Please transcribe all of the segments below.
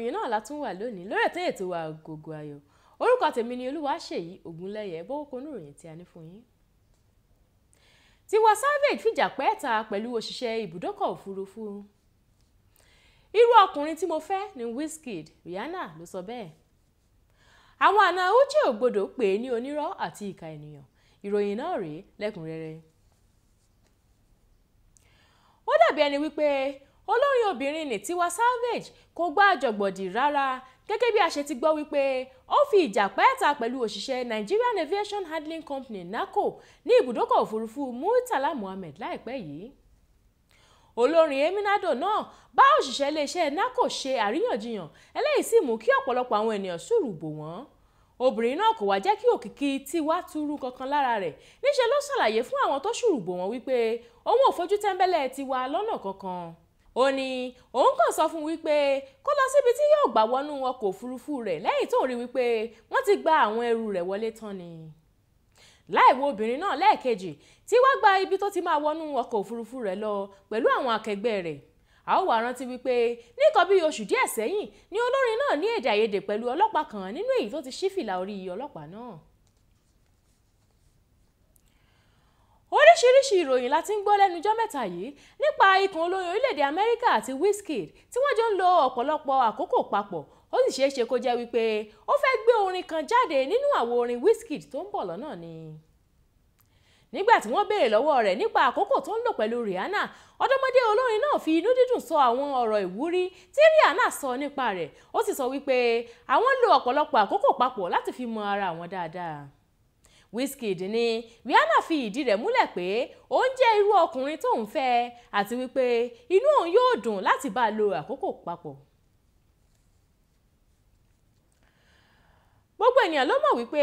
ìròyìn náà la tún wà lónìí lórí ètò ètò wa Agogo Ayọ̀ orúkọ tèmi ni Olúwaṣèyí Ògúnlẹ́yẹ bọ́wọ́ kó ní ìròyìn tí a ní fún yín. Tiwa Savage fìjà pẹ́ẹ́ta pẹ̀lú òṣìṣẹ́ ibùdókọ̀ òfurufú irú ọkùnrin tí mo fẹ́ ni Wizkid Rihanna ló sọ bẹ́ẹ̀ àwọn àna Uche Ogbodo pè é ní onírọ́ àti ìka ènìyàn ìròyìn náà rèé lẹ́kùnrẹ́rẹ́ ó dàbí ẹni wípé olórin obìnrin ní Tiwa Savage kò gbá àjọgbọ̀dì rárá gẹ́gẹ́ bí a ṣe ti gbọ́ wípé ó fi ìjà pẹ́ẹ́ta pẹ̀lú òṣìṣẹ́ Nigerian Aviation Handling Company Nako ní ibùdókọ̀ òfurufú Murtala Muhammed láìpẹ́ yìí olórin eminado náà bá òṣìṣẹ́ iléeṣẹ́ NACO ṣe àríyànjiyàn eléyìí sì mú kí ọ̀pọ̀lọpọ̀ àwọn ènìyàn sùúrù bò wọ́n obìnrin náà kò wá jẹ́ kí òkìkí Tiwa túrú kankan lára rẹ̀ níṣẹ́ ló ṣàlàyé fún àwọn tó sùúrù bò wọ́n wípé òun ò fojú tẹ́ńbẹ́lẹ́ Tiwa lọ́nà kankan ó ní òun kàn sọ fún un wípé kó lọ síbi tí yóò gbà wọnú ọkọ̀ òfurufú rẹ̀ lẹ́yìn tó rí wípé wọ́n ti gba àwọn ẹrù rẹ̀ wọlé tán ni láìwo obìnrin náà lẹ́ẹ̀kejì tí wá gba ibi tó ti máa wọnú ọkọ̀ òfurufú rẹ̀ lọ pẹ̀lú àwọn akẹgbẹ́ rẹ̀ a ó wá rántí wípé ní nǹkan bíi oṣù díẹ̀ sẹ́yìn ni olórin náà ní èdè àìyedè pẹ̀lú ọlọ́pàá kan nínú èyí tó ti ṣí orí ọlọ́pàá náà oríṣiríṣi ìròyìn la ti ń gbọ́ lẹ́nujọ́ mẹ́ta yìí nípa ikùn olórin orílẹ̀-èdè amẹ́ríkà àti Wizkid tí wọ́n jọ ń lo ọ̀pọ̀lọpọ̀ àkókò papọ̀ ó sì ṣeé ṣe kó jẹ́ wípé ó fẹ́ gbé orin kan jáde nínú àwo orin Wizkid tó ń bọ̀ lọ́nà ni nígbà tí wọ́n béèrè lọ́wọ́ rẹ̀ nípa àkókò tó ń lò pẹ̀lú Rihanna ọ̀dọ́mọdé olórin náà fi inú dídùn sọ àwọn ọ̀rọ̀ ìwúrí tí Rihanna sọ nípa rẹ̀ ó sì sọ wípé àwọn ń lo ọ̀pọ̀lọpọ̀ àkókò papọ̀ láti fi mọ ara àwọn dáadáa Wizkid ni Rihanna fi ìdí rẹ̀ múlẹ̀ pé ó ń jẹ́ irú ọkùnrin tóun fẹ́ àti wípé inú òun yóò dùn láti bá a lo àkókò papọ̀. gbogbo ènìyàn ló mọ̀ wípé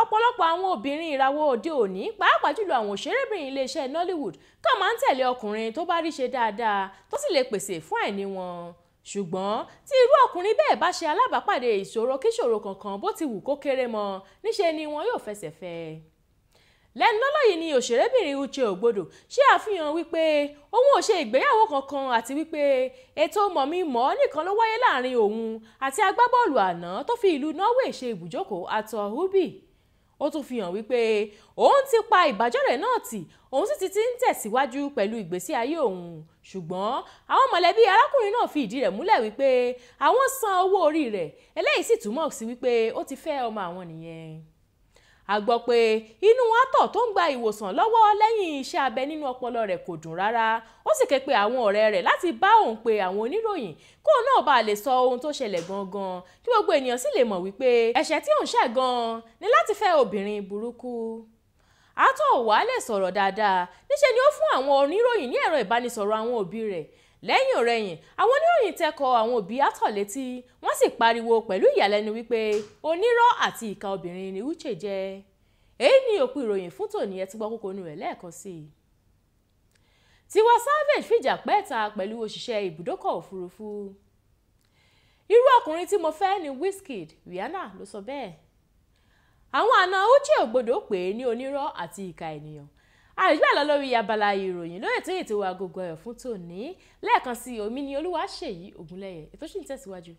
ọ̀pọ̀lọpọ̀ àwọn obìnrin ìràwọ̀ òde òní pàápàá jùlọ àwọn òṣèrébìnrin iléeṣẹ́ Nollywood kàn máa ń tẹ̀lé ọkùnrin tó bá rí ṣe dáadáa tó sì lè pèsè fún àìní wọn ṣùgbọ́n tí irú ọkùnrin bẹ́ẹ̀ bá ṣe alábàápàdé ìṣòro kíṣòro kankan bó ti wù kó kéré mọ́ níṣe ni wọn yóò fẹsẹ̀ fẹ́ ẹ lẹ́nu lọ́lọ́ yìí ni òṣèrébìnrin Uche Ogbodo ṣe àfihàn wípé òun ò ṣe ìgbéyàwó kankan àti wípé ètò mọ̀mí-mọ̀ nìkan ló wáyé láàrin òun àti agbábọ́ọ̀lù àná tó fi ìlú Norway ṣe ibùjókòó Arthur Hubi ó tún fi hàn wípé òun ti pa ìbájọ́rẹ̀ náà tì òun sì ti ti ń tẹ̀síwájú pẹ̀lú ìgbésí ayé òun ṣùgbọ́n àwọn mọ̀lẹ́bí arákùnrin náà fi ìdí rẹ̀ múlẹ̀ wípé àwọn san owó orí rẹ̀ eléyìí sì túmọ̀ sí wípé ó ti fẹ́ ọmọ àwọn nìyẹn a gbọ́ pé inú àtọ̀ tó ń gba ìwòsàn lọ́wọ́ lẹ́yìn iṣẹ́ abẹ nínú ọpọlọ rẹ̀ kò dùn rárá ó sì ké pe àwọn ọ̀rẹ́ rẹ̀ láti bá òun pe àwọn oníròyìn kóun náà bá lè sọ ohun tó ṣẹlẹ̀ gangan kí gbogbo ènìyàn sì lè mọ̀ wípé ẹ̀ṣẹ̀ tí òun ṣẹ̀ gan ni láti fẹ́ obìnrin burúkú àtọ̀ wàá lè sọ̀rọ̀ dáadáa níṣẹ́ ni ó fún àwọn oníròyìn ní ẹ̀rọ ìbánisọ̀rọ̀ àwọn òbí rẹ̀ lẹ́yìn ọ̀rẹ́yìn àwọn oníròyìn tẹ́kọ̀ àwọn òbí àtọ̀létí wọ́n sì pariwo pẹ̀lú ìyàlẹ́nu wípé onírọ́ àti ìka obìnrin ni Uche jẹ́ èyí ni òpin ìròyìn fún tòní ẹ ti gbọ́ kókó inú rẹ̀ lẹ́ẹ̀kan sí i. Tiwa Savage fìjà pẹ́ẹ́ta pẹ̀lú òṣìṣẹ́ ibùdókọ̀ òfurufú irú ọkùnrin tí mo fẹ́ ni Wizkid Rihanna ló sọ bẹ́ẹ̀ àwọn àna Uche Ogbodo pè é ní onírọ́ àti ìka ènìyàn àrègbà lọ lórí abala ìròyìn lórí ètò ètò wa Agogo Ayọ̀ fún tòní lẹ́ẹ̀kan sí omi ni Olúwaṣèyí Ògúnlẹ́yẹ ètò sì ń tẹ̀síwájú.